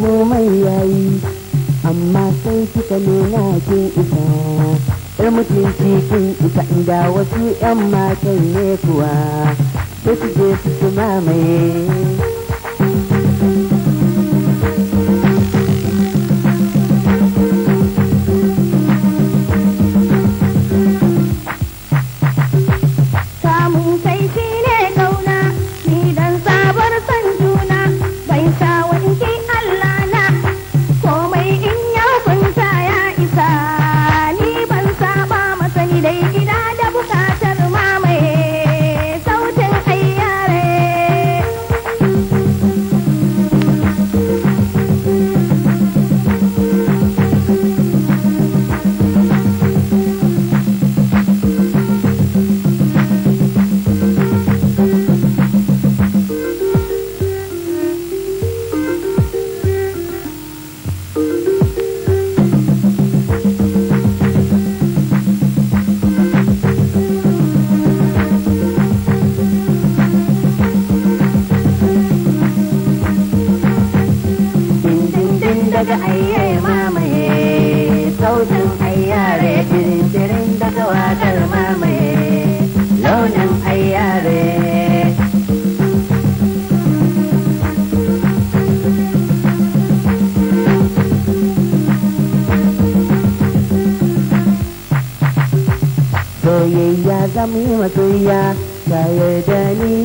Mu mai yayi amma sai kika nuna kin isa yar mutunci kin isa inda wasu yan matan ne kuwa sai su je su mamaye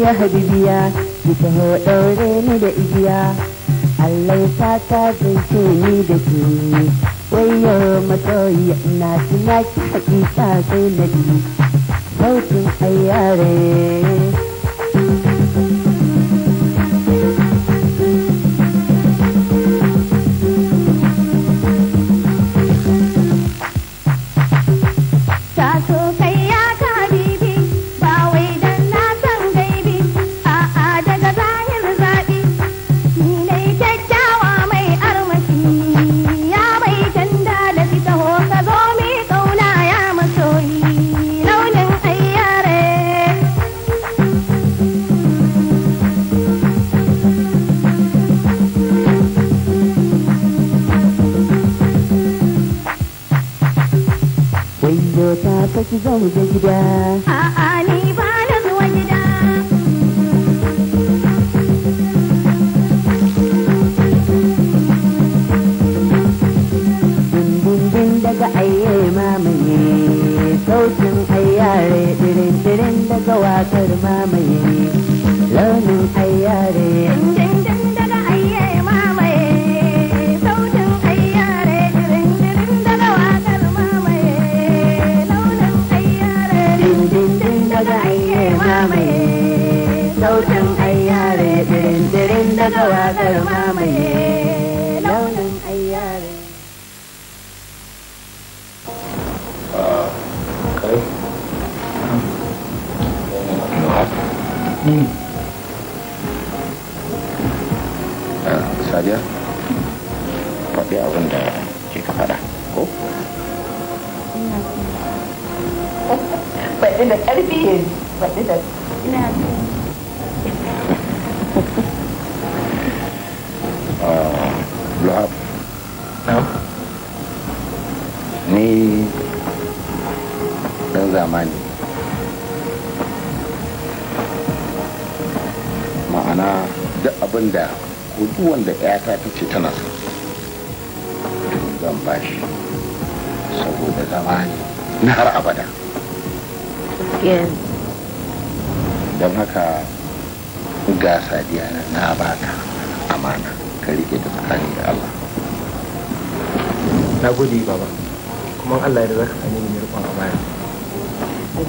ya habibiya ki ho ɗaure ni da igiya Allah ta ka zance ni da ke wayo matoyi na tunaki hakika sai na ji sautin ayyare Mm.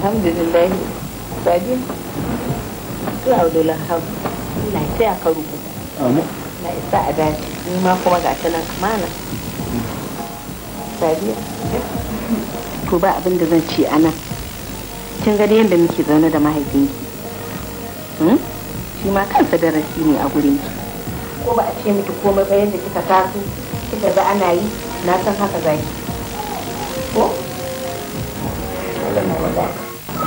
alhamdulillah babi claudio lahab na taya ka rubu na isa a dace ni ma kuma ga ta nan amana babi to ba abin da zan ce a nan kin gani yadda muke zaune da mahaifinki hmm? shi ma kansa darasi ne a gurin ki ko ba a ce miki komai ba yadda kika taso kika ga ana yi na san haka zaki ko Allah na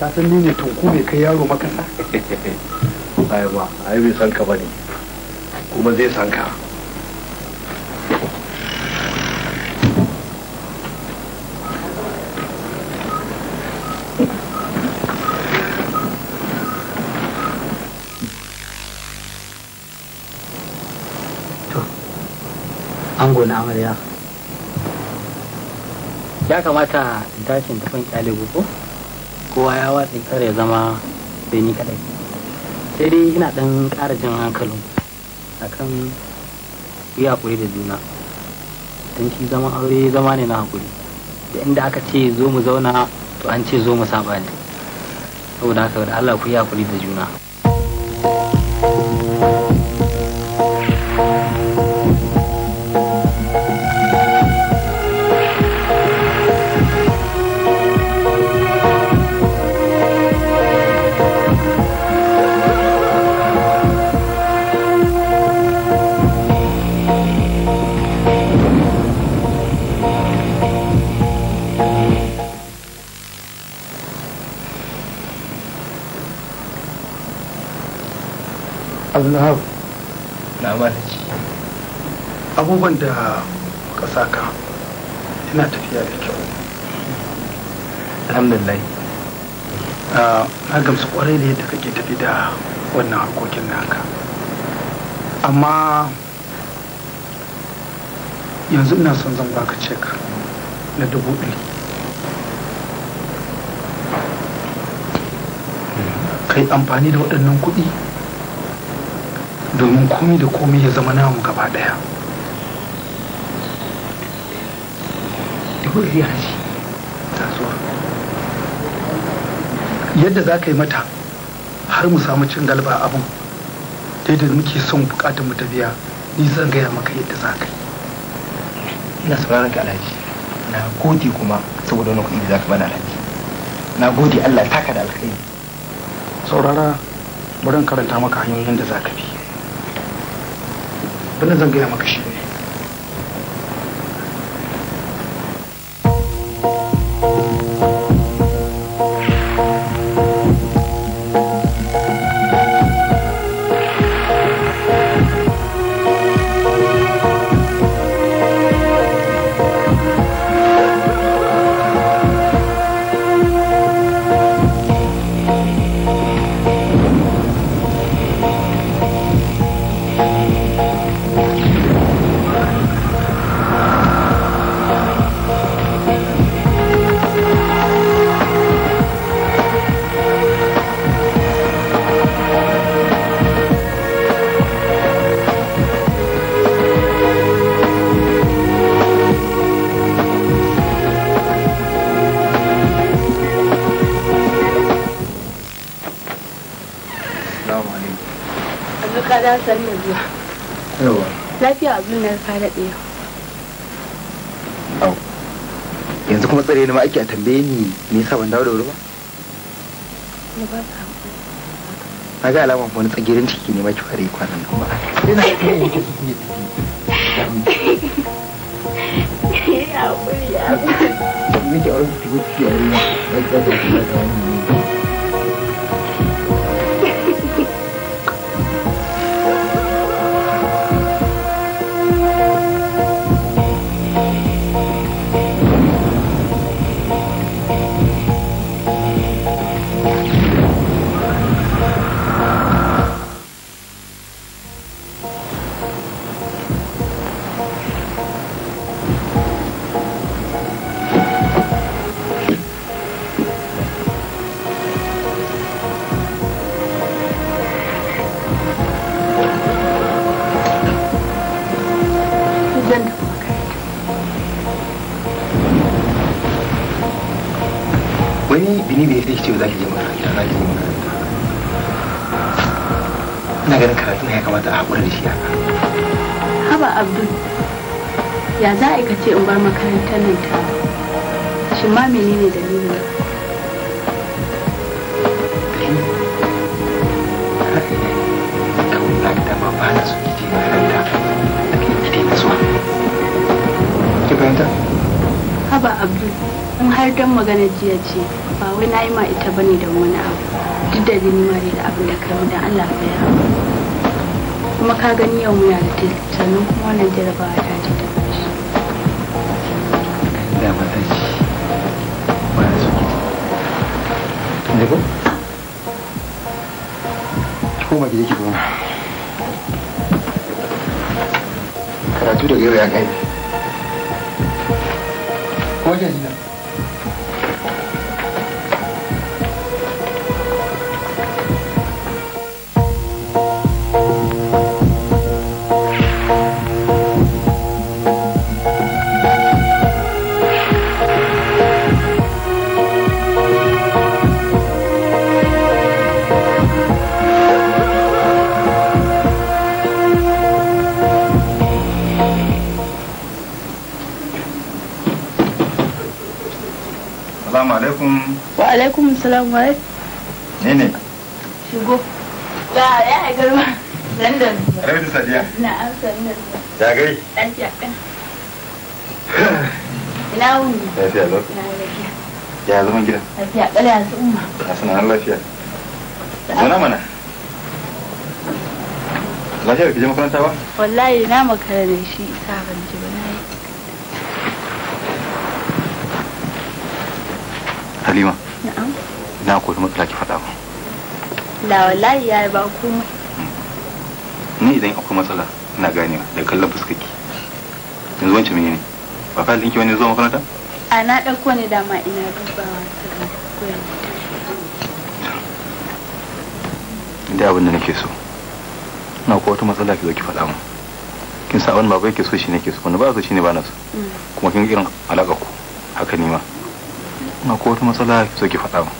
ta san ni ne tunku mai kai yaro makasa ai ba ai bai san ka bane kuma zai san ka ango na amarya ya kamata in tashi in tafi kyale ko kowa ya watsi kare ya zama sai ni kadai sai dai ina dan ƙara jin hankalin akan yi hakuri da juna don shi zama aure zama ne na hakuri da inda aka ce zo mu zauna to an ce zo mu saba ne saboda haka da Allah ku yi hakuri da juna abdullahab na malaki abubuwan da ka saka yana tafiya da kyau alhamdulillah ah, na gamsu kwarai da yadda kake tafi da wannan harkokin naka amma yanzu ina son zan baka cek na dubu ɗari kai amfani da waɗannan kuɗi domin komi da komi ya zama namu gaba daya yadda za ka yi mata har mu samu cin galba abin daidai muke son bukatun mu tafiya ni zan gaya maka yadda za ka yi ina sauraron ka alhaji na gode kuma saboda wani kuɗi da za ka bani alhaji na gode allah taka da alkhairi saurara bari karanta maka hanyoyin da za ka bi bana zan gaya maka shi ne nunar ka daɗe au yanzu kuma tsare ni ma ake a tambaye ni me yasa ban dawo da wuri ba ni ba ka na ga alama wani tsagirin ciki ne maki fara yi kwanan nan ba ina ya ya ya ya ya ya ya ya ya ya ya ya zaki je makaranta zaki je makaranta ina ganin karatu ne ya kamata a haƙura da shi haba abdul ya za a ce in bar makarantar nan ta shi ma menene dalilin Thank you. haba abdu in har dan magana jiya ce ba wai na yi ma ita bane da wani abu duk da ni ma da abin da kai da Allah ka yi kuma ka gani yau muna da sannan kuma wannan jarabawa ta ce ta bashi ba ta ba ne ko koma gida ki gona karatu daga yau ya kai 关键几点。salamu alaikum. Ne ne. Shigo. Ya ya haifar girma. London. Rabi Sadiya. Ina amsa London. Ya gai. Lafiya kan. Ina wuni. Lafiya lau. Ina lafiya. Ya zama gida. Lafiya kala ya su umma. Ya suna har lafiya. Zauna mana. Lafiya ki je makaranta ba? Wallahi na makara da shi isa ban ji ba. na akwai matsala ki faɗa mu da wallahi ya ba komai hmm. ni idan akwai matsala ina gane da kallon fuskarki. yanzu wancan menene ba fa linki wani zuwa makaranta a na ɗauko ne dama ina dubawa ta koyar da abin da nake so na ko wata matsala ki zo ki faɗa mu kin sa wani baba yake so shi nake so wani ba so shi ne ba na so hmm. kuma kin irin alaƙa ku haka ni ma na ko wata matsala ki zo ki faɗa mu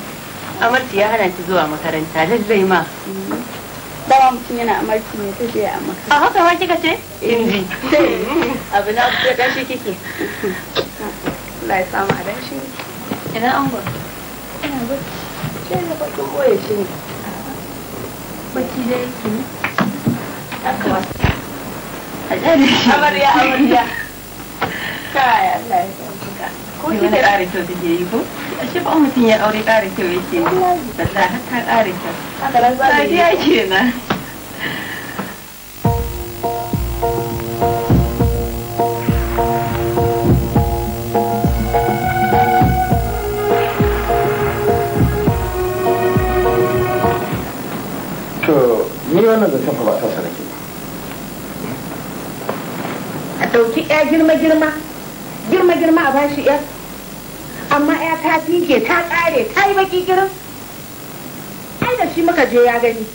amarki ya hana ki zuwa makaranta lallai ma Dawa mutum yana amarki ne ta je a makaranta a haka ma kika ce eh. Inji. abu na ya shi kike Allah ya samu a dashi ina an gwa ina bacci ce da bakin boye shi ne bacci dai yake ne haka amarya amarya Kaya, Allah ya samu ko kike ƙara kyau take yi ko ashe ba mutum ya aure ƙara kyau yake ne sallah har ta ƙara kyau sadiya kenan ni wannan zancen fa ba ta sana ke a ɗauki ya girma girma girma girma a bashi ya ta tinke ta kare ta yi baki girin ai da shi muka je ya gani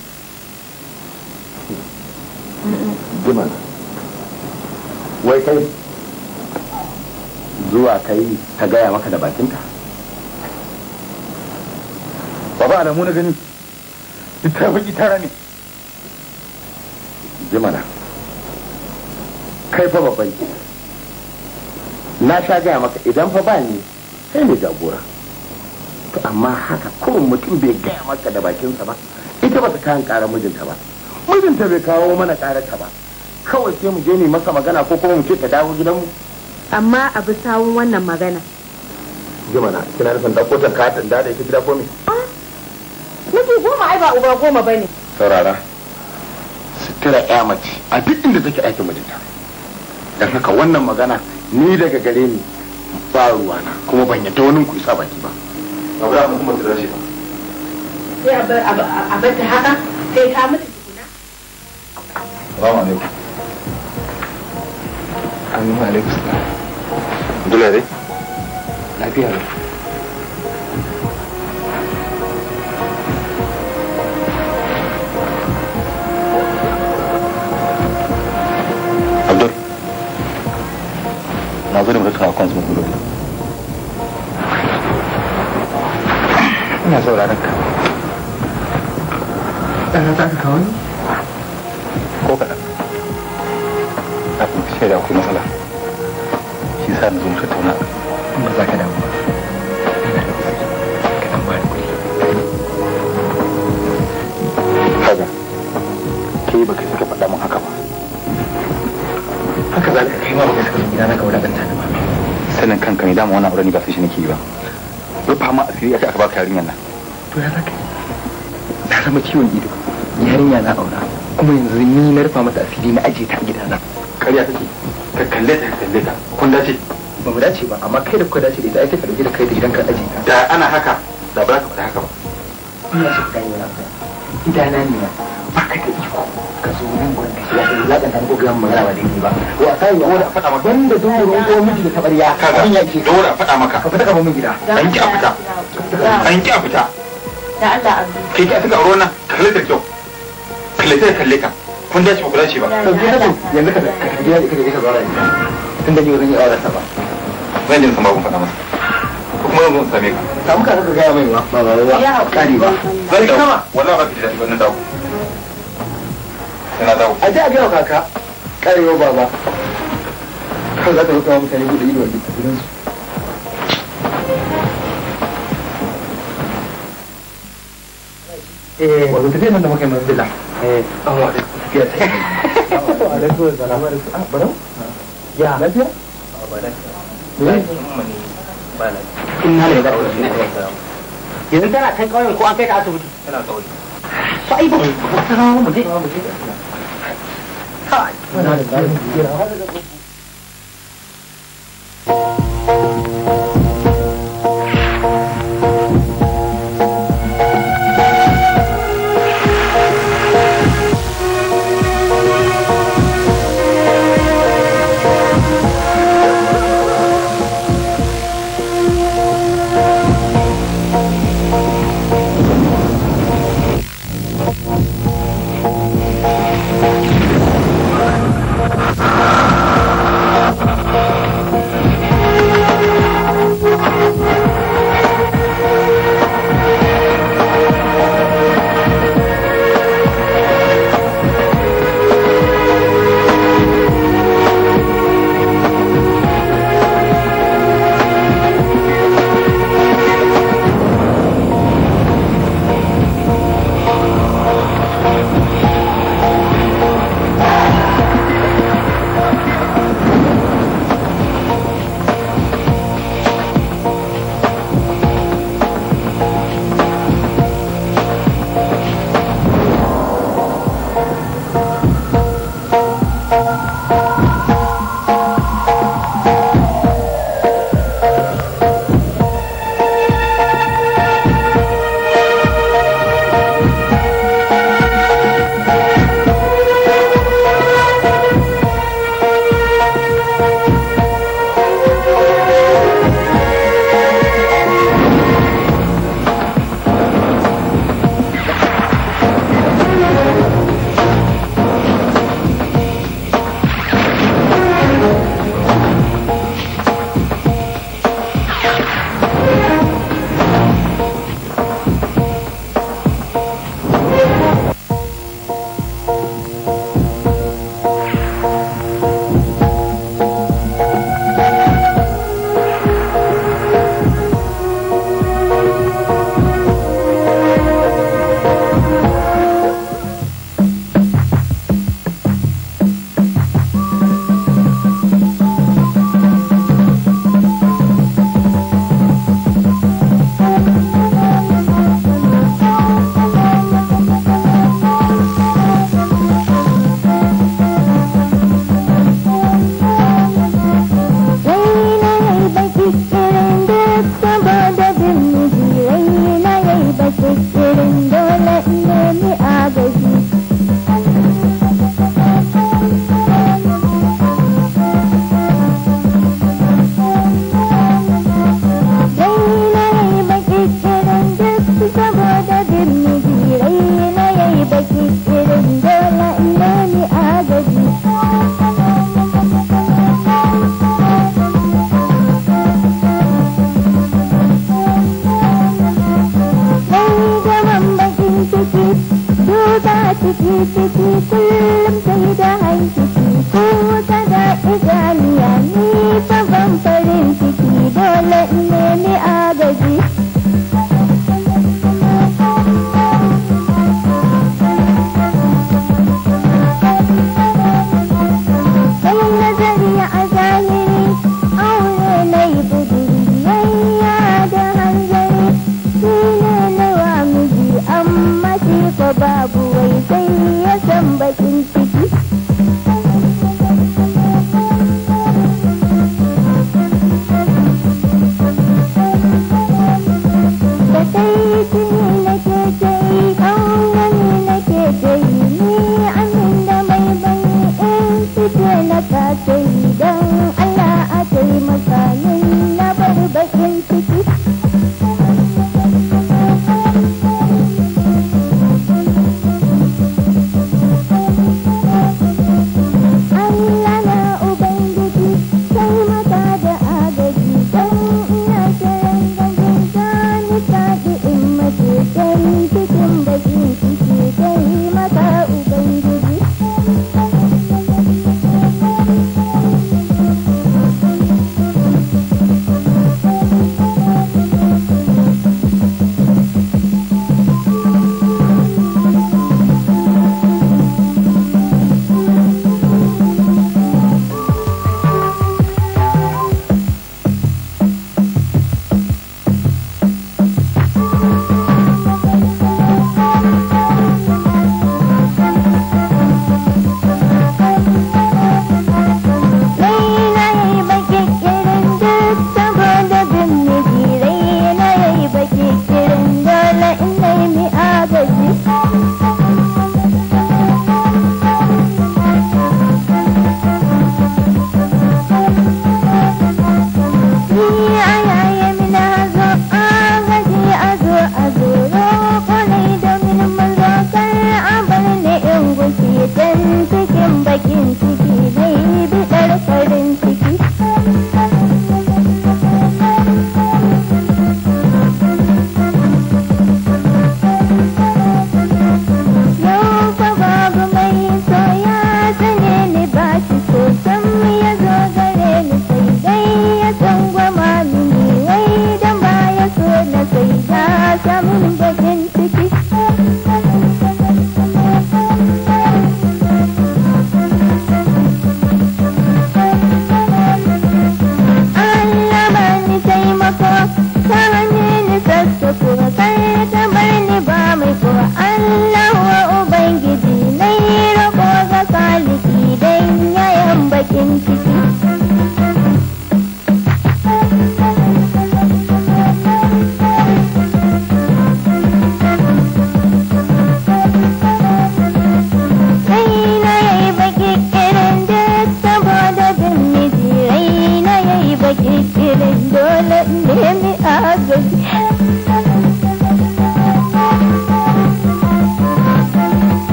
wai kai zuwa kai ta gaya maka da bakinta? Baba alamu na gani, ita baki tara ne. Jimana, kai fa babban, na sha gaya maka idan fa ba ni sai ne jagora to amma haka kuma mutum bai gaya maka da bakinsa ba ita ba ta kayan ƙara mijinta ba mijinta bai kawo mana ta ba kawai sai mu je ne masa magana ko kuma mu ce ta dawo gidanmu amma a bi sawun wannan magana jimana kina nufin ɗauko ta katin da ita gida ko me ah, goma ai ba uba goma ba ne saurara sutura ya mace a duk inda take aikin mijinta don haka wannan magana ni daga gare ni ba ruwana kuma ban yadda wani ku isa baki ba abu da kuma ta dace ba sai a bar ta haka sai ta mutu tukuna salamu alaikum Assalamu alaikum. Dole dai? Lafiya na zo da mutum a kwanzu gudu ina sauraron ka za ka kawo ni ko akwai matsala shi sa na zo ba za ka damu ba baka faɗa haka ba haka ka kai ma baka ina ka wulakanta ni ba sanin kanka ne dama wannan aure ne ba sai shi nake yi ba rufa ma asiri aka aka baka yarinyar nan to ya zaka na zama ciwon ido yarinya na aura kuma yanzu ni na rufa mata asiri na ajiye ta gidana karya take ka kalle ta kalle ta kun dace ba mu dace ba amma kai da kuka dace da ita ai ta karbi da kai da gidan ka aje ta da ana haka da ba ka faɗa haka ba ina shi ka gane wani abu idana ne na wurin gombe ya kan tanko gayan magana ba daidai ba wa sai ya faɗa maka wanda duk wurin ko da tabar ya kaga yake da faɗa maka ka fita ka mun gida an ki a fita an ki a fita da Allah azu ke ki a fita aure nan kalle kyau kalle da kalle ka kun dace ba ku dace ba to ki da yanzu ka ka gida ka je ka zaura tun da ni wurin ya aure ta ba zan je sama ku faɗa masa kuma yanzu same ka samu ka ka gaya mai ba ba ba ba kari ba zan kama wallahi ba ki da nan da yana dawo a ji a gaya kaka karewa baba kan za ta mutane buɗe ido a gidansu eh, wato tafiyar nan da muka yi mai eh, an tafiya ta yi da su a barau ya lafiya ah, inna ne ne yanzu tana ko an kai ka asibiti tana ƙauyen sai ba ta rawa mu je God, when I you know.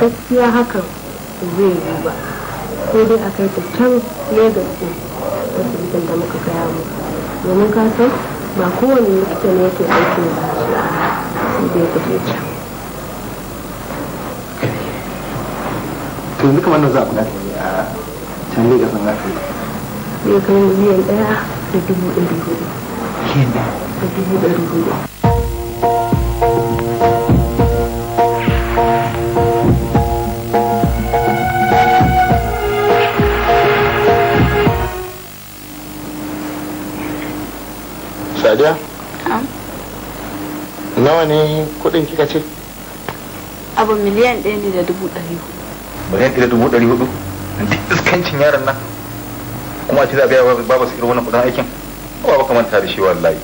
gaskiya hakan zai yi ba sai dai a kai ta can legas ɗin asibitin da muka gaya mu domin ka san ba kowane likita ne yake aiki da shi a sai ta je can yanzu kamar nan za a kula da a can legas yi kai miliyan ɗaya da dubu ɗari hudu da dubu ɗari hudu sadiya nawa ne kudin kika ce abu miliyan ɗaya ne da dubu ɗari miliyan ɗaya da dubu ɗari hudu duk iskancin yaran nan kuma ce za a biya babu su irin wannan kudin aikin ba ba kamanta da shi wallahi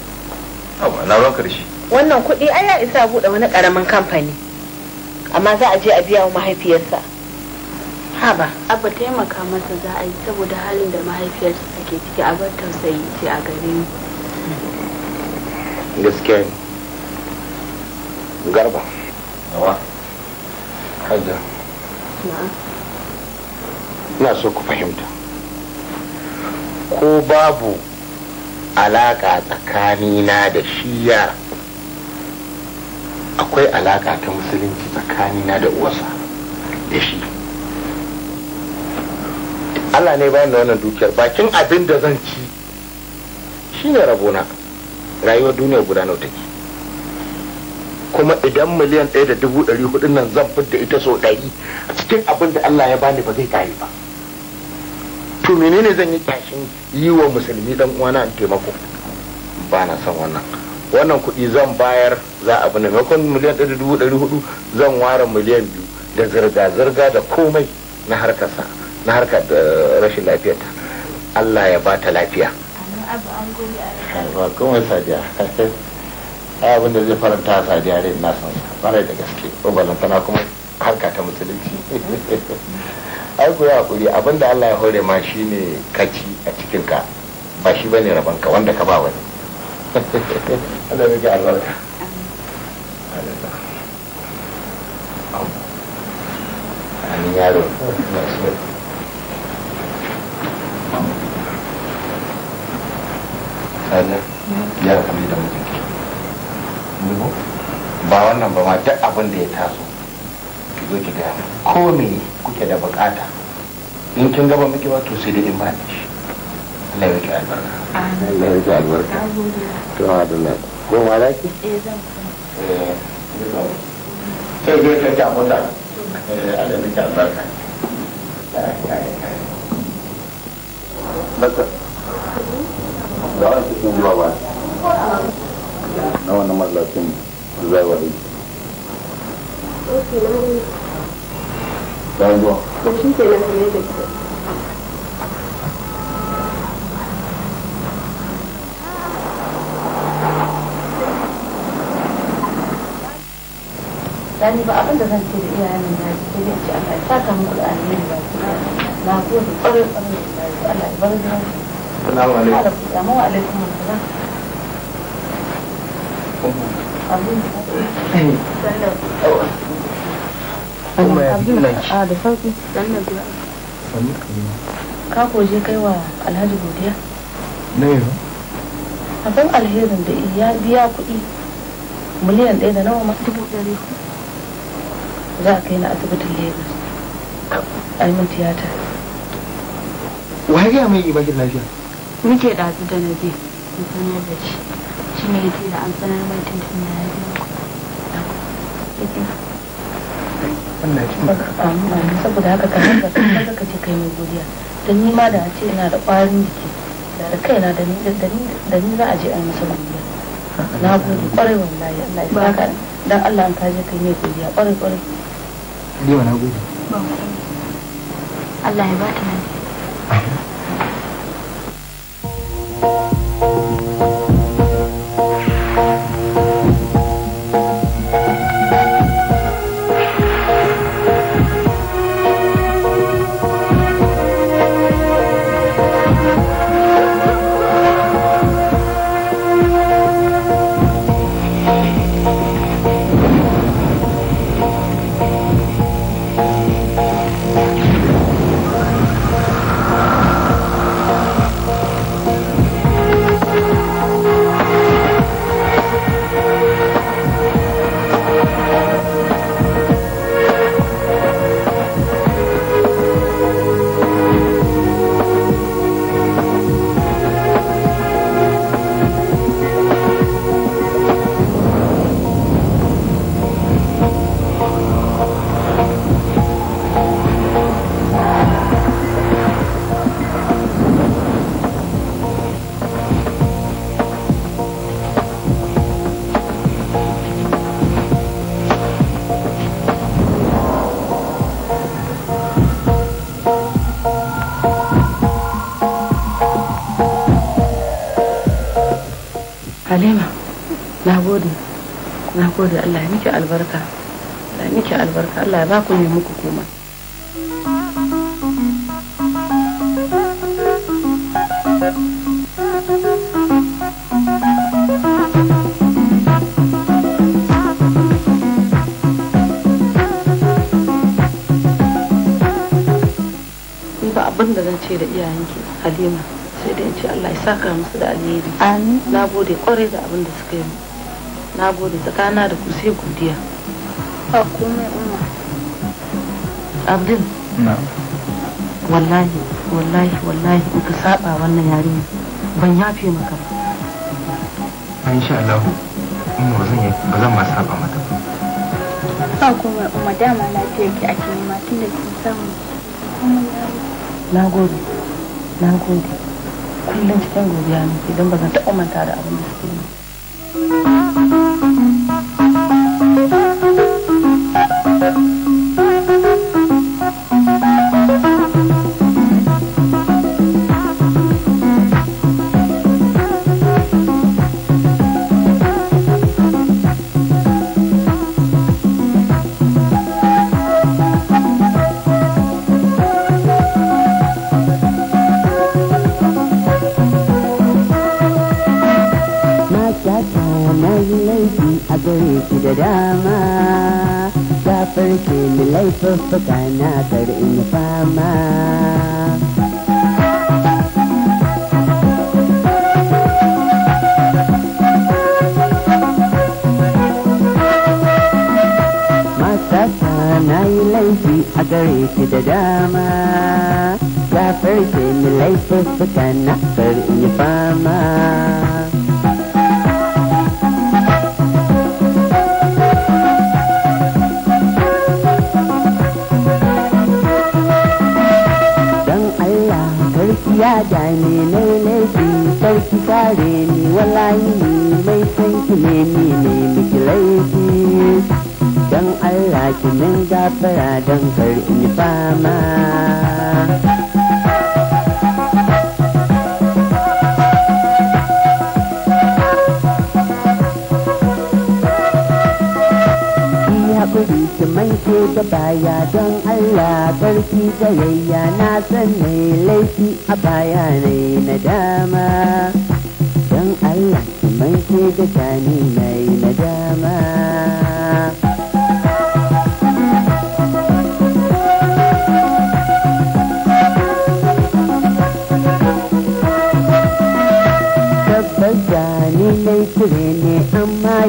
na ranka da shi wannan kuɗi ai ya isa buɗe wani ƙaramin kamfani amma za a je a biya wa mahaifiyarsa haba abba taimaka masa za a yi saboda halin da mahaifiyarsa take ciki a bar tausayi ce a gare mu gaskiya ne garba yawa hajja na so ku fahimta ko babu alaƙa tsakanina da shi akwai alaƙa ta musulunci tsakanina da uwarsa da shi Allah ne bayan da wannan dukiyar bakin abin da zan ci shi ne rabona rayuwar duniya guda nawa take kuma idan miliyan ɗaya da dubu ɗari hudun nan zan fidda ita sau ɗari a cikin abin da Allah ya bani ba zai kare ba to menene zan yi kyashin yi wa musulmi dan uwana in taimako ba na son wannan wannan kuɗi zan bayar za a bi maimakon miliyan ɗaya da dubu ɗari hudu zan ware miliyan biyu da zirga-zirga da komai na harkarsa na harkar da eh, rashin lafiyata Allah ya ba ta lafiya abu an gode a ba kuma sadiya a abin da zai faranta sadiya rai na san farai da gaske ubalan tana kuma harka ta musulunci ai ku hakuri abin da Allah ya hore ma shi ne kaci a cikin ka ba shi bane rabon ka wanda ka ba wani Allah ya ga albarka Amin yaro. kanar ya hakuri da mijin ki ba wannan ba ma duk abin da ya taso ki zo ki gaya ko me kuke da bukata in kin gaba miki ba to sai in ba shi Allah ya albarka Allah ya albarka to adalla ko ma da ki eh zan eh sai ka ta mota eh, Allah ya albarka Thank you. da wani cikin zuwa ba na zuwa Dani ba abin da zan ce da iyayen ce ya saka ba na gode da Allah ya bar a Assalamu alaikum assalam. Ah, Ka koje kai wa Alhaji godiya? Na yau. Abin alherin da ya biya kuɗi miliyan ɗaya da nawa ma dubu ɗari za a kai na asibitin Lagos. Ai mun tiyata. Wa ya gaya mai yi bakin lafiya? muke ɗazu da na je sanar da shi shi ne yake da an sanar mai tuntun da ya biya saboda haka ka hanga kan maza ka ce kai mai godiya don ni ma da a ce ina da ƙwarin jiki da da kaina da ni za a je an yi masa godiya na gode ƙwarai wallahi Allah ya saka dan Allah an kaje kai mai godiya ƙwarai ƙwarai Diwa na gode. Allah ya ba ta lafiya. Bye. Halima, na gode, na gode Allah ya miki albarka, Allah ya miki albarka, Allah ya ba ku ne muku kuma. abin da zan ce da iyayenki halima in ce Allah ya saka musu da alheri amin na gode kwarai da abin da suka yi na gode tsakana da ku sai godiya ba komai umma abdul wallahi wallahi wallahi in ka saba wannan yarinya ban yafe maka ba ah, insha Allah umma zan yi ba zan ma saba mata ba ba komai umma dama na lafiya ki ake nema tun da kin samu na gode na gode kullum cikin godiya miki don ba zan taɓa manta da abin da suke yi da dama ta farke ni laifuffuka na far in yi fama ya dame nai laifi sarki kare ni wallahi mai sanki ne ni ne miki laifi Don Allah ki min gafara dan kar in fama hakuri ki manke da baya don Allah barki gayayya na san ne laifi a baya ne na dama don Allah ki manke da tani mai na dama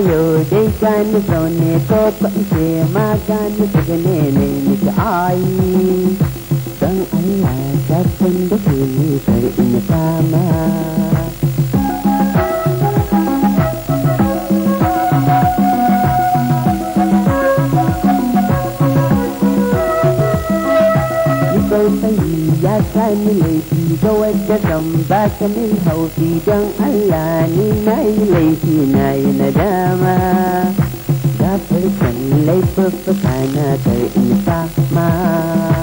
yau dai gani zaune ko ce ma gani tsagane ne nake ayi don Allah sabon da ke nufar in fama. ka sani laifi ta wadda zan ba min haufi don Allah ni na yi laifi na yi nadama gafarkan laifuffuka na